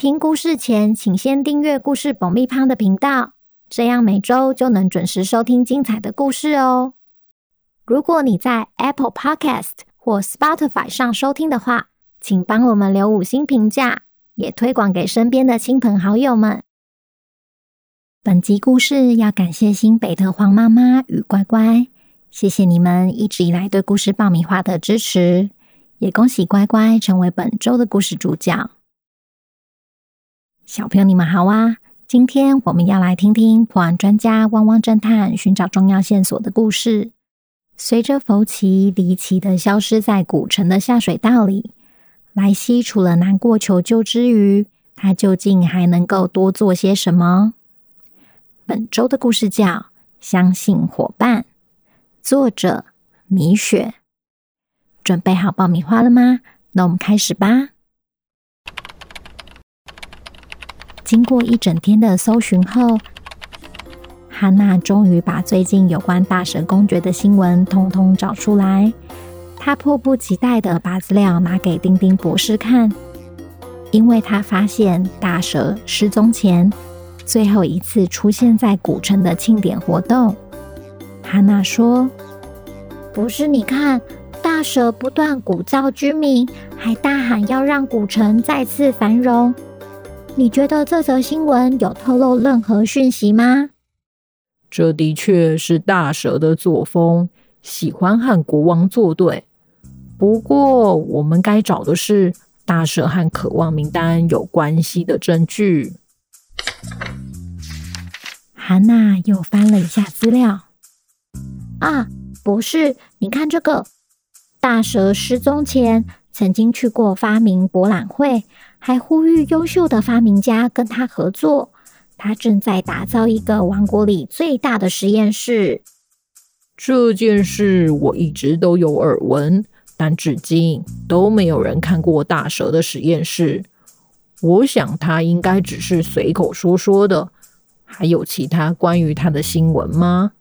聽故事前，請先訂閱“故事爆米花”的頻道，這樣每周就能準時收聽精彩的故事哦。如果你在 Apple Podcast 或 Spotify 上收聽的話，請幫我們留五星評價，也推廣給身邊的親朋好友們。本集故事要感謝新北的黃媽媽與乖乖，謝謝你們一直以來對“故事爆米花”的支持，也恭喜乖乖成為本周的故事主角。小朋友，你們好啊！今天我們要來聽聽破案專家汪汪偵探尋找重要線索的故事。隨着佛奇離奇地消失在古城的下水道裡，萊西除了難過求救之餘，他究竟還能夠多做些什麼？本周的故事叫《相信夥伴》，作者米雪。準備好爆米花了嗎？那我們開始吧。經過一整天的搜尋後，哈娜終於把最近有關大蛇公爵的新聞通通找出來。她迫不及待地把資料拿給丁丁博士看，因為她發現大蛇失蹤前最後一次出現在古城的慶典活動。哈娜說：“博士，你看，大蛇不斷鼓噪居民，還大喊要讓古城再次繁榮。”你覺得這則新聞有透露任何訊息嗎？這的確是大蛇的作風，喜歡和國王作對。不過，我們該找的是大蛇和渴望名單有關係的證據。韓娜又翻了一下資料。啊，博士，你看這個，大蛇失蹤前曾經去過發明博覽會。還呼籲優秀的發明家跟他合作。他正在打造一個王國裡最大的實驗室。這件事我一直都有耳聞，但至今都沒有人看過大蛇的實驗室。我想他應該只是隨口說說的。還有其他關於他的新聞嗎？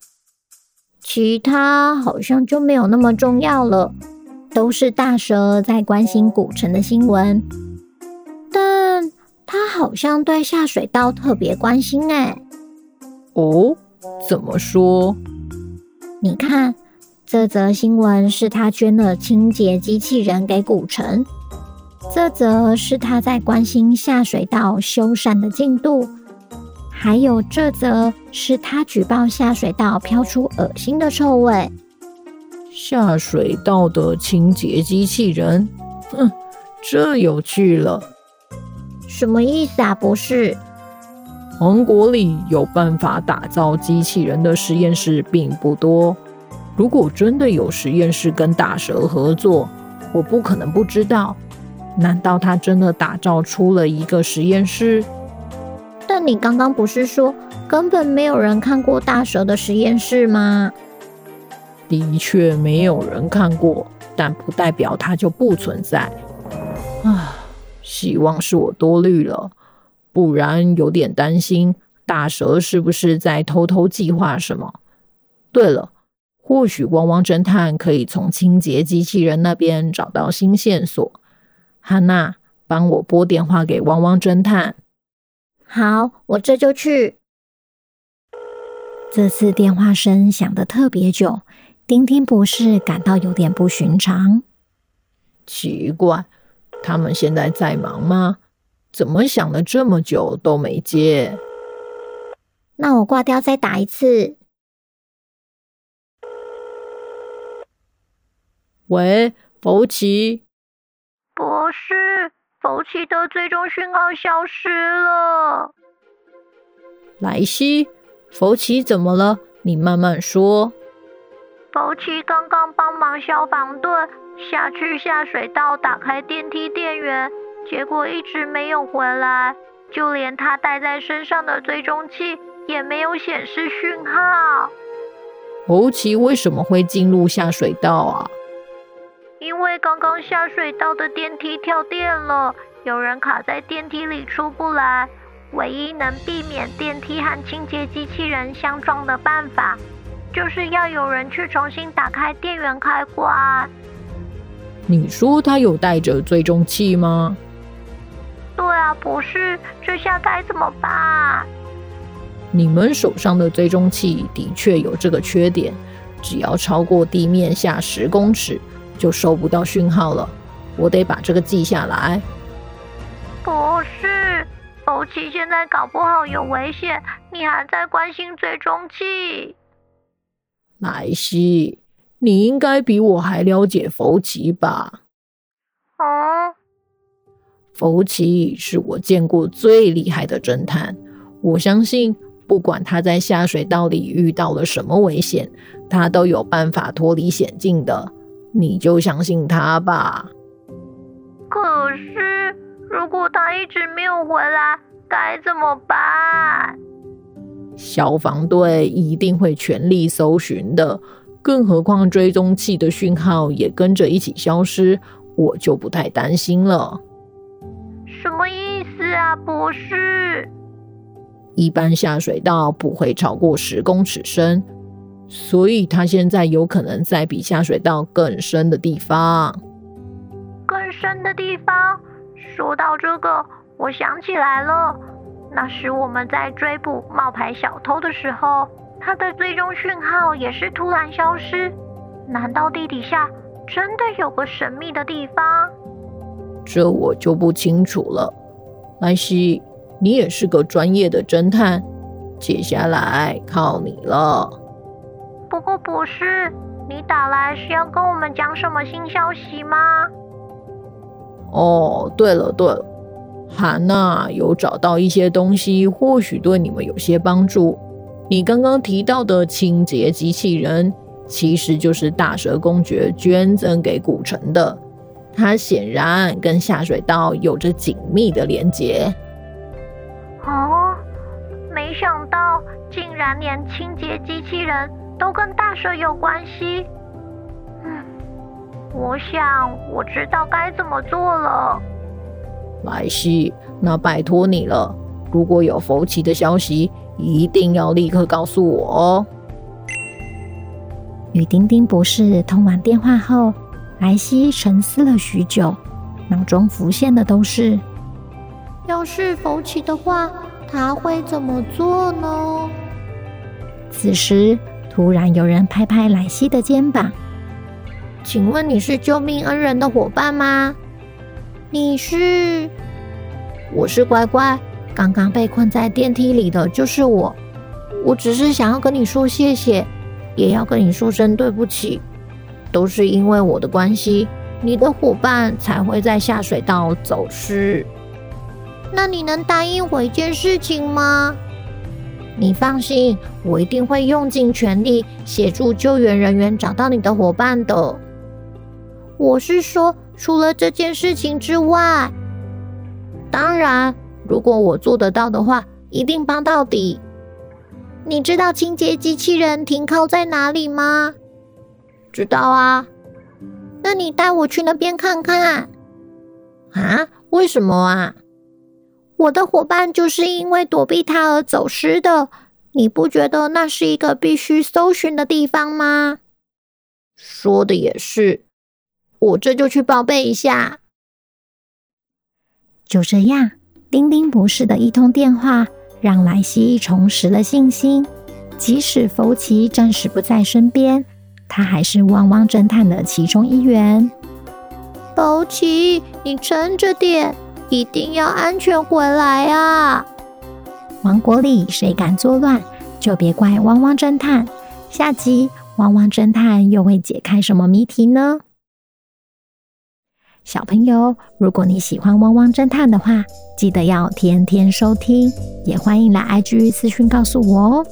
其他好像就沒有那麼重要了，都是大蛇在關心古城的新聞。但他好像對下水道特別關心哎。哦，怎麼說？你看，這則新聞是他捐了清潔機器人給古城。這則是他在關心下水道修繕的進度。還有這則是他舉報下水道飄出惡心的臭味。下水道的清潔機器人，哼，這有趣了。什麼意思啊，博士？王國裡有辦法打造機器人的實驗室並不多。如果真的有實驗室跟大蛇合作，我不可能不知道。難道他真的打造出了一個實驗室？但你剛剛不是說根本沒有人看過大蛇的實驗室嗎？的確沒有人看過，但不代表它就不存在啊。希望是我多慮了，不然有點擔心大蛇是不是在偷偷計劃什麼。對了，或許汪汪偵探可以從清潔機器人那邊找到新線索。漢娜，幫我撥電話給汪汪偵探。好，我這就去。這次電話聲響得特別久，丁丁博士感到有點不尋常。奇怪。他們現在在忙嗎？怎麼想了這麼久都沒接？那我掛掉再打一次。喂，佛奇。博士，佛奇的最終訊號消失了。萊西，佛奇怎麼了？你慢慢說。佛奇剛剛幫忙消防隊。下去下水道，打開電梯電源，結果一直沒有回來，就連他戴在身上的追蹤器也沒有顯示訊號。佛奇為什麼會進入下水道啊？因為剛剛下水道的電梯跳電了，有人卡在電梯裡出不來。唯一能避免電梯和清潔機器人相撞的辦法，就是要有人去重新打開電源開關。你說他有帶着追蹤器嗎？對啊，博士。這下該怎麼辦？你們手上的追蹤器的確有這個缺點，只要超過地面下十公尺，就收不到訊號了。我得把這個記下來。博士，佛奇現在搞不好有危險，你還在關心追蹤器？萊西。你應該比我還了解佛奇吧？啊，佛奇是我見過最厲害的偵探。我相信，不管他在下水道裡遇到了什麼危險，他都有辦法脫離險境的。你就相信他吧。可是，如果他一直沒有回來，該怎麼辦？消防隊一定會全力搜尋的。更何況，追蹤器的訊號也跟着一起消失，我就不太擔心了。什麼意思啊，博士？一般下水道不會超過十公尺深，所以牠現在有可能在比下水道更深的地方。更深的地方？說到這個，我想起來了，那時我們在追捕冒牌小偷的時候。他的最終訊號也是突然消失，難道地底下真的有個神秘的地方？這我就不清楚了。萊西，你也是個專業的偵探，接下來靠你了。不過，博士，你打來是要跟我們講什麼新消息嗎？哦，對了對了，韓娜有找到一些東西，或許對你們有些幫助。你剛剛提到的清潔機器人，其實就是大蛇公爵捐贈給古城的。它顯然跟下水道有着緊密的連接。哦，沒想到竟然連清潔機器人都跟大蛇有關係。嗯，我想我知道該怎麼做了。萊西，那拜托你了，如果有佛奇的消息。一定要立刻告訴我哦！與丁丁博士通完電話後，萊西沉思了許久，腦中浮現的都是：要是佛奇的話，他會怎麼做呢？此時，突然有人拍拍萊西的肩膀：“請問你是救命恩人的伙伴嗎？你是？我是乖乖。”剛剛被困在電梯裡的就是我，我只是想要跟你說謝謝，也要跟你說聲對不起，都是因為我的關係，你的夥伴才會在下水道走失。那你能答應我一件事情嗎？你放心，我一定會用盡全力協助救援人員找到你的夥伴的。我是說，除了這件事情之外，當然，如果我做得到的話，一定幫到底。你知道清潔機器人停靠在哪裡嗎？知道啊。那你帶我去那邊看看。啊？為什麼啊？我的夥伴就是因為躲避他而走失的。你不覺得那是一個必須搜尋的地方嗎？說的也是。我這就去報備一下。就這樣。丁丁博士的一通電話讓萊西重拾了信心。即使佛奇暫時不在身邊，他還是汪汪偵探的其中一員。佛奇，你撐着點，一定要安全回來啊！王國裡誰敢作亂，就別怪汪汪偵探。下集汪汪偵探又會解開什麼謎題呢？小朋友，如果你喜歡《汪汪偵探》的話，記得要天天收聽，也歡迎來 IG 私訊告訴我哦。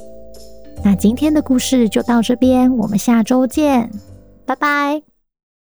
那今天的故事就到這邊，我們下周見，拜拜。